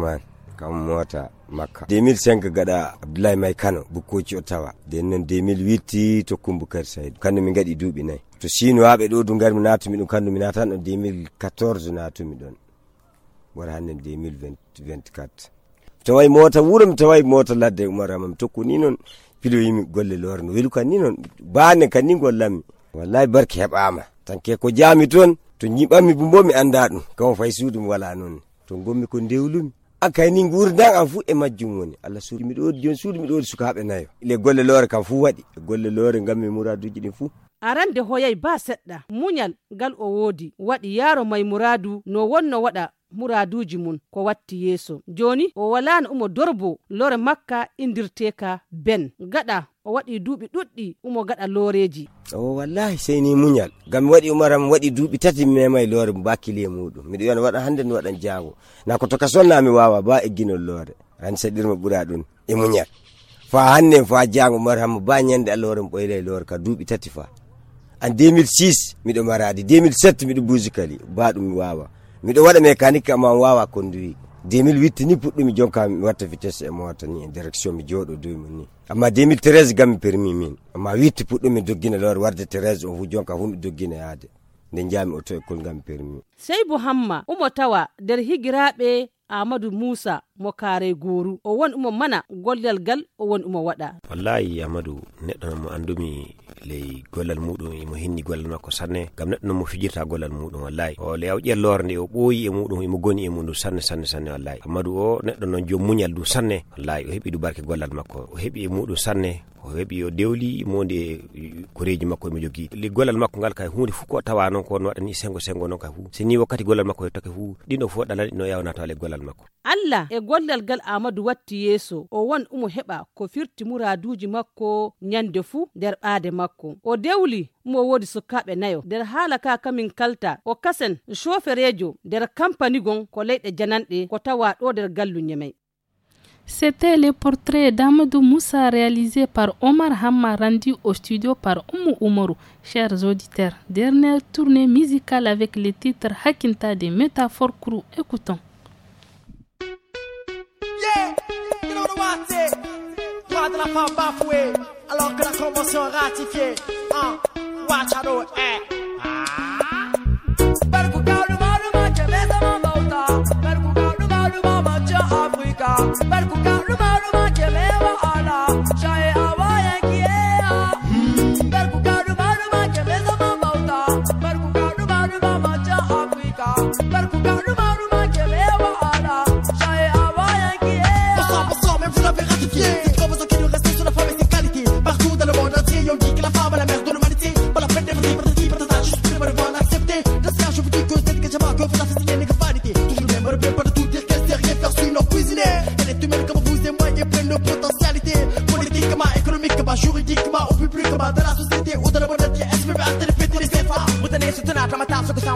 kan mota makka 2005 gada abdoulaye may kano bukkoci ottawa nden noon 2008 to kumbu boukari saydou kandu min gadi duuɓi nayyi to sinowaɓe ɗo du gari mi natumi ɗum kandu mi natan ɗo 2014 natumi ɗon wara hanne 2024 tawai mota wuro mi tawai mota ladde umarama mi tokku ni noon piɗo yimi golle lorno welu kan ni noon baane kan ni gollanmi wallahi barke heɓama tanke ko jami toon to jiɓanmi bumbo mi anda ɗum kamo fay suudu mi wala noon to gommi ko ndewlumi akaini gurdan an fu e majjum woni allah suudi miɗo wodi joni suudi miɗo wodi sukaɓe nayo le golle loore kam fu waɗi golle loore gammi e mi ɗin fu arande hoyay ba seɗɗa muñal ngal o woodi waɗi yaaro may muraadu no wonno waɗa muraaduuji mum ko watti yeeso jooni o walano umo dorbo lore makka indirteeka ben gaɗa o waɗi duuɓi ɗuɗɗi umo gaɗa looreeji o wallahi sey ni muñal ngam mi waɗi umara mi waɗi duuɓi tati mi mema e loore mi bakkili muɗum miɗo wiya no waɗa hannde no waɗan jaawo na ko toka sonna mi waawa ba egginol loore an seɗɗirmo ɓura ɗum e, e muñal fa hannde fa jaango umar hammo ba ñande allah hoore mi ɓoyle e loore ka duuɓi tati faa an 2006 miɗo maradi 2007 miɗo busikali ba ɗum mi wawa miɗo waɗa mécanique amma wawa conduit 2008 ni puɗɗumi jonka mi watta vitesse e mota ni e direction mi jooɗo dow mum ni amma 2013 gam mi permis min amma 8 puɗɗumi doggina lor warde 13 on fu jonka fu mi doggina yaade nde jami oto e kolgam permis sey bo hamma umo tawa nder higiraɓe amadou moussa mo kaare gooru o won umo mana gollal ngal o won umo waɗa wallayi amadou neɗɗo nomo andumi ley gollal muɗum imo e hinni gollal makko sanne gam neɗɗo nomo fijirta gollal muɗum wallayi o aw ƴellore nde o ɓooyi e muɗum imo e goni e mum sanne sanne sanne wallayi amadou o neɗɗo noon jom muñal du sanne wallayi o heeɓi du barke gollal makko o heeɓi e muɗum sanne o heɓi o dewli monde e koreji makko emo jogui gollal makko ngal kay hunde fof ko tawa noon ko no waɗani sengo sengo noon kay fuu sini ni wakkati gollal makko fo e fuu ɗino fof ɗalani no yawna tawa le gollal makko allah e gollal gal amadu watti yeeso o won umo heba, ko firti muraduji makko nyande fuu nder ɓaade makko o dewli mo wodi sukaɓe nayo nder haala ka kamin kalta o kasen choferejo nder kampani gon ko leyɗe jananɗe ko tawa ɗo nder gallu C'était le portrait d'Amadou Moussa réalisé par Omar Hamma rendu au studio par Oumu Oumoru. Chers auditeurs, dernière tournée musicale avec le titre Hakinta des Métaphores Crew. Écoutons. Yeah, you know what it Droit de la femme bafouée, alors que la convention ratifiée. Hein, uh, watch out, eh.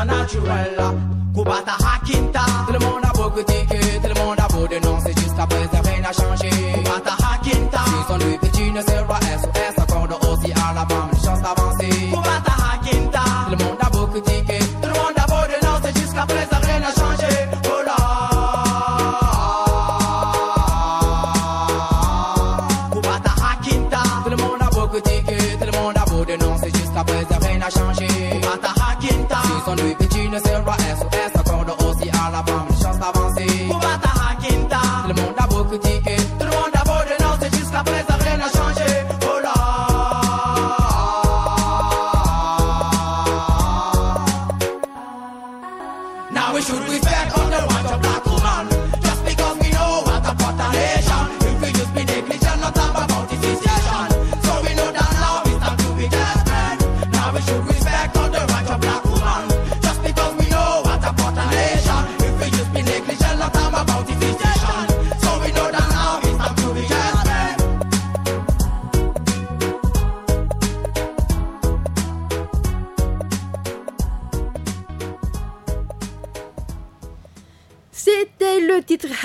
ça naturel. Kubata Hakinta, tout le monde a beau critiquer, tout le monde a beau dénoncer, jusqu'à présent rien n'a changé.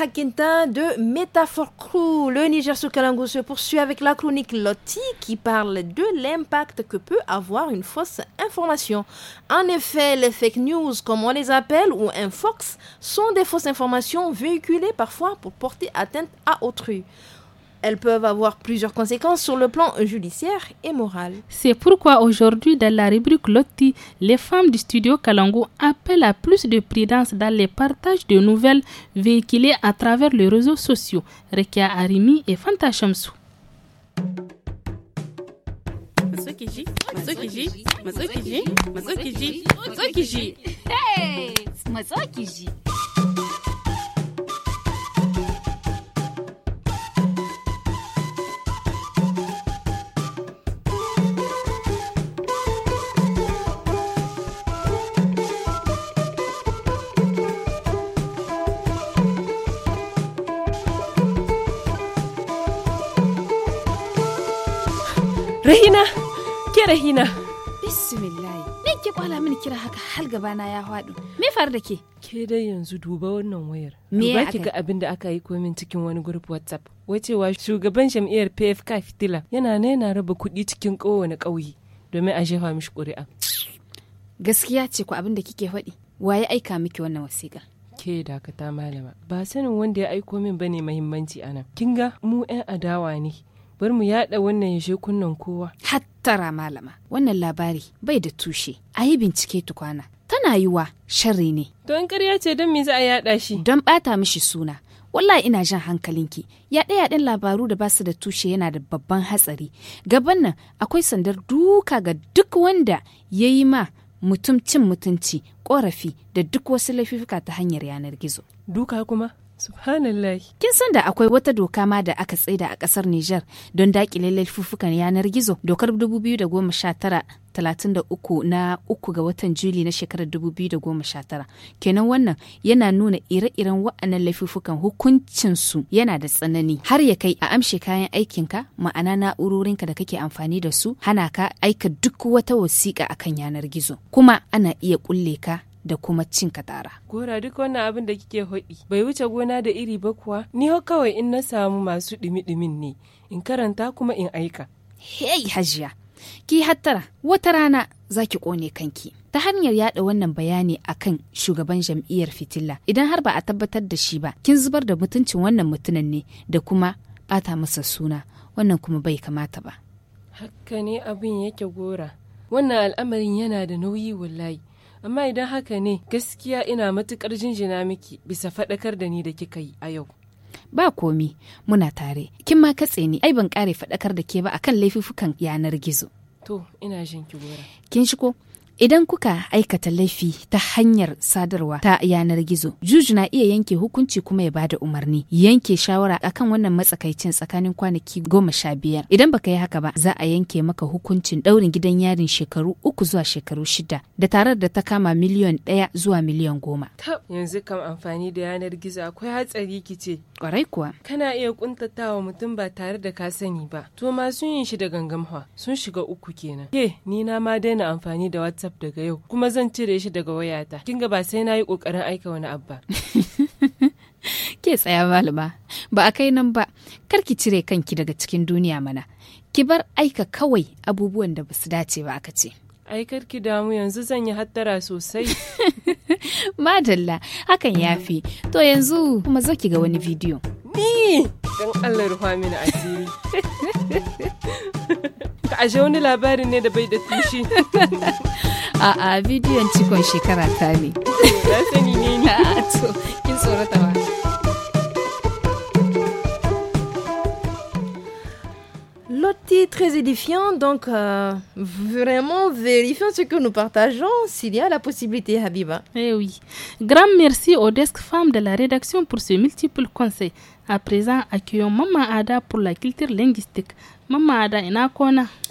Quentin de Métaphore Crew. Le Niger Sukalango se poursuit avec la chronique Loti qui parle de l'impact que peut avoir une fausse information. En effet, les fake news, comme on les appelle, ou infox, sont des fausses informations véhiculées parfois pour porter atteinte à autrui elles peuvent avoir plusieurs conséquences sur le plan judiciaire et moral. C'est pourquoi aujourd'hui, dans la rubrique Lotti, les femmes du studio Kalango appellent à plus de prudence dans les partages de nouvelles véhiculées à travers les réseaux sociaux. Rekia Arimi et Fanta Chamsou. Hey! Hina, ke Hina. Bismillah. Me ke kwala mini kira haka hal gabana ya haɗu. Me faru da ke? Ke dai yanzu duba wannan wayar. Me ya ki ga abin da aka yi min cikin wani group WhatsApp. Wacewa shugaban jam'iyyar PFK Fitila yana na raba kuɗi cikin kowane ƙauye domin a jefa mishi kuri'a. Gaskiya ce ku abin da kike faɗi. Waye aika miki wannan wasiƙa? ke dakata malama ba sanin wanda ya aiko min bane muhimmanci anan kin ga mu yan adawa ne bar mu yada wannan yashe kunnen kowa. Hattara malama, wannan labari bai da tushe, a yi bincike tukwana. Tana yiwa sharri ne. Don karya ce don me za a yaɗa shi? Don ɓata mishi suna. Wallahi ina jan hankalinki, yaɗe yaɗen labaru da basu da tushe yana da babban hatsari. Gaban nan akwai sandar duka ga duk wanda ya yi ma mutum cin mutunci, ƙorafi da duk wasu laifuka ta hanyar yanar gizo. Duka kuma? Subhanallah. Kin san da akwai wata doka ma da aka tsaida a kasar Nijar don dakile laifuffukan yanar gizo dokar 2019-33 na uku ga watan Juli na shekarar 2019. Kenan wannan yana nuna ire-iren wa'annan laifuffukan hukuncinsu yana da tsanani har ya kai a amshe kayan aikinka ma'ana na'urorinka da kake amfani da su hana ka aika duk wata wasiƙa akan yanar gizo kuma ana iya ƙulle ka da kuma cin katara. Gora duk wannan abin da kike hoɗi bai wuce gona da iri ba kuwa ni ho kawai in na samu masu ɗumi-ɗumin ne in karanta kuma in aika. Hei hajiya ki hattara wata rana za ki ƙone kanki. Ta hanyar yaɗa wannan bayani a kan shugaban jam'iyyar fitila idan har ba a tabbatar da shi ba kin zubar da mutuncin wannan mutunan ne da kuma bata masa suna wannan kuma bai kamata ba. Hakka ne abin yake gora wannan al'amarin yana da nauyi wallahi. amma idan haka ne gaskiya ina matukar jinjina miki bisa faɗakar da ni da kika yi a yau ba komi muna tare kin ma katse ni ai ban kare faɗakar da ke ba akan laifukan yanar gizo to ina jin ki gora kin shigo Idan kuka aikata laifi ta hanyar sadarwa ta yanar gizo, juju na iya yanke hukunci kuma ya bada umarni, yanke shawara akan wannan matsakaicin tsakanin kwanaki goma sha biyar. Idan baka yi haka ba, za a yanke maka hukuncin ɗaurin gidan yarin shekaru uku zuwa shekaru shida, da tarar da ta kama miliyon ɗaya zuwa miliyon goma. yanzu kam amfani da yanar gizo akwai hatsari kice. Kwarai kuwa. Kana iya kuntatawa mutum ba tare da ka sani ba. To ma sun yi shi da gangamwa sun shiga uku kenan. Ke ni na ma daina amfani da WhatsApp daga yau kuma zan cire shi daga wayata. Kin ga ba sai na yi kokarin aika wani abba. <laughs> ke tsaya malama ba a kai nan ba kar ki cire kanki daga cikin duniya mana ki bar aika kawai abubuwan da ba su dace ba aka ce ai karki damu yanzu zan yi hattara sosai <laughs> madalla hakan ya fi to yanzu kuma zo ki ga wani bidiyo ni don allah rufa mini asiri ka <laughs> ashe wani labarin ne da bai da A <laughs> a'a bidiyon cikon shekara ta ne na sani ne ni to kin tsorata très édifiant, donc euh, vraiment vérifions ce que nous partageons s'il y a la possibilité, Habiba. Eh oui. Grand merci aux desk femmes de la rédaction pour ces multiples conseils. À présent, accueillons Mama Ada pour la culture linguistique. Mama Ada, ina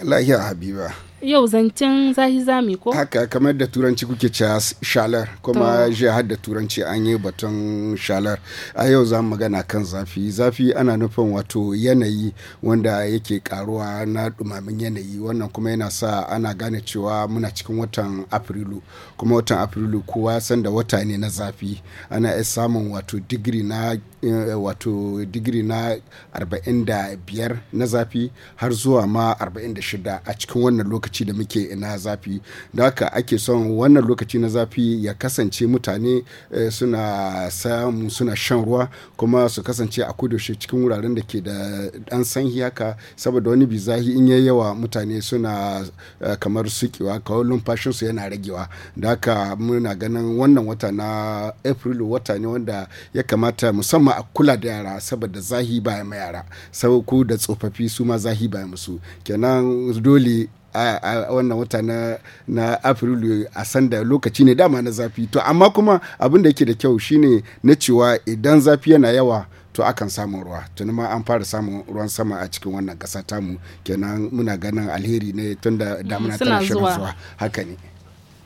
la ya, Habiba. yau zancen zahi zami ko haka kamar da turanci kuke cewa shalar kuma jiya har da turanci an yi batun shalar a yau za magana kan zafi zafi ana nufin wato yanayi wanda yake karuwa na dumamin yanayi wannan kuma yana sa ana gane cewa muna cikin watan afrilu kuma watan afrilu kowa san da wata ne na zafi ana iya samun wato digiri na eh, wato digiri na 45 na zafi har zuwa ma 46 a cikin wannan lokaci lokaci da muke na zafi da haka ake son wannan lokaci na zafi ya kasance mutane eh, suna samu suna shan ruwa kuma su kasance a kudushe cikin wuraren da ke da dan sanyi haka saboda wani bizahi in yayi yawa mutane suna eh, kamar sukewa kawai su yana ragewa da haka muna ganin wannan wata na april wata ne wanda ya kamata musamman a kula da yara saboda zahi ba ma yara sauku da tsofaffi su ma zahi ba musu kenan dole a wannan wata na na afrilu a sanda lokaci ne dama na zafi to amma kuma abin da yake da kyau shine na cewa idan zafi yana yawa to akan samun ruwa tuni ma an fara samun ruwan sama a cikin wannan kasa tamu kenan muna ganin alheri ne tun da damuna tana shirin zuwa haka ne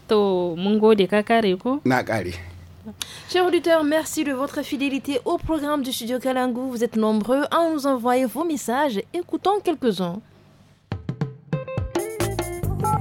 to mun gode ka kare ko na kare Chers auditeurs, merci de votre fidélité au programme du studio Kalangu. Vous êtes nombreux à nous envoyer vos messages. Écoutons quelques-uns.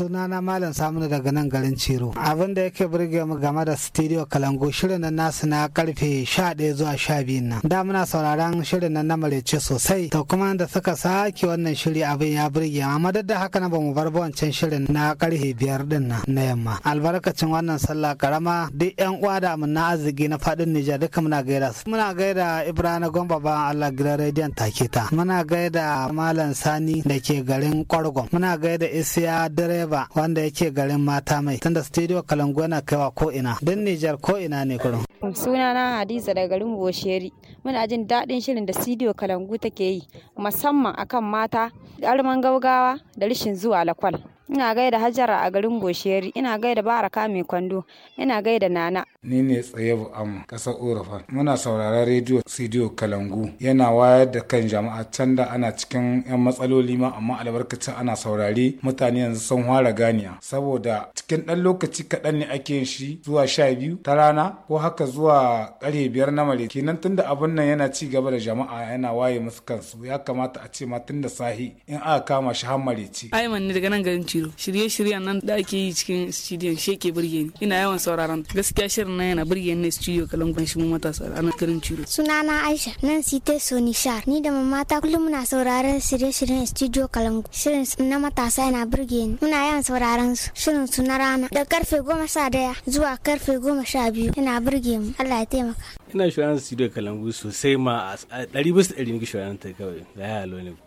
sunana malam saminu daga nan garin ciro abin da yake burge mu game da studio kalango shirin nan nasu na karfe sha 11 zuwa 12 nan da muna sauraron shirin nan na marece sosai to kuma da suka sake wannan shiri abin ya burge amma duk da haka na ba mu bar wancan shirin na karfe 5 din nan na yamma albarkacin wannan sallah karama duk yan uwa da mun na arziki na fadin Nijar duka muna gaida su muna gaida Ibrahim Gomba ba Allah gidan rediyon takita. muna gaida Malam Sani da ke garin Kwargon muna gaida Isiya Direba direba wanda yake garin mata mai tunda studio kalangu yana kaiwa ko ina don nijar ko ina ne kurum sunana hadiza daga garin bosheri muna jin daɗin shirin da studio kalangu take yi musamman akan mata alman gaugawa da rashin zuwa lakwal ina gaida hajara a garin gosheri ina gaida baraka mai kwando ina gaida nana ni ne tsaye amu kasar urafa muna sauraron rediyo sidiyo kalangu yana wayar da kan jama'a can da ana cikin yan matsaloli ma amma albarkacin ana saurari mutane yanzu sun fara ganiya saboda cikin ɗan lokaci kaɗan ne ake yin shi zuwa sha biyu ta rana ko haka zuwa ƙarfe biyar na mare kenan tunda abin nan yana ci gaba da jama'a yana waye musu kansu ya kamata a ce ma tunda sahi in aka kama shi har mareci. daga nan garin studio shirye-shiryen nan da ake yi cikin studio shi ke burge ni ina yawan sauraron gaskiya shirin na yana burge ni studio kalangon shi mu matasa a nan garin Ciro sunana Aisha nan site soni Shar ni da mama ta kullum muna sauraron shirye-shiryen studio kalango shirin na matasa yana burge ni muna yawan sauraron su shirin su na rana da karfe goma sha daya zuwa karfe goma sha biyu yana burge mu Allah ya taimaka ina shoyan studio kalangu sosai ma a ɗari bisa ɗari nake shoyan ta kawai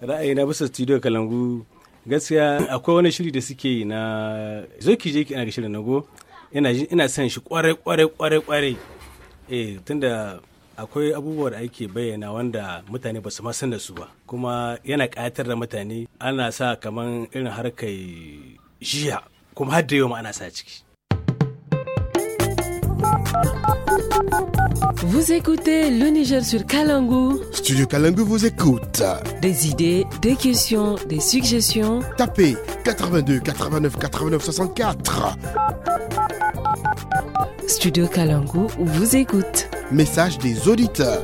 ra'ayi na bisa studio kalangu gaskiya akwai wani shiri da suke yi na zoki je ki ina da shirin nago ina ina son shi kwarai kwarai kwarai kwarai eh tunda akwai abubuwa da ake bayyana wanda mutane ba su ma san da su ba kuma yana ƙayatar da mutane ana sa kaman irin harkar jiya kuma har da yau ma ana sa ciki Vous écoutez le Niger sur Kalangu. Studio Kalangu vous écoute. Des idées, des questions, des suggestions. Tapez 82 89 89 64. Studio Kalangu vous écoute. Message des auditeurs.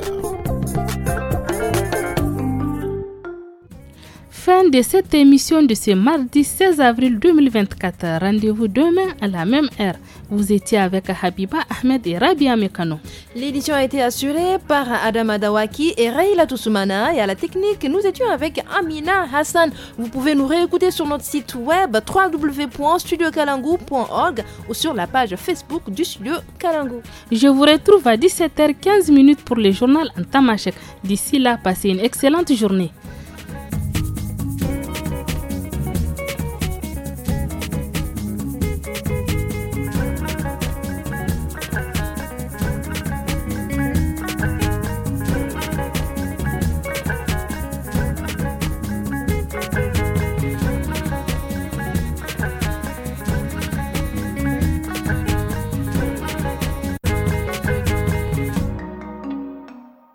Fin de cette émission de ce mardi 16 avril 2024. Rendez-vous demain à la même heure. Vous étiez avec Habiba Ahmed et Rabia Mekano. L'édition a été assurée par Adam Adawaki et Rayla Toussoumana. Et à la technique, nous étions avec Amina Hassan. Vous pouvez nous réécouter sur notre site web www.studio-kalangu.org ou sur la page Facebook du Studio Kalangou. Je vous retrouve à 17h15 pour le journal en D'ici là, passez une excellente journée.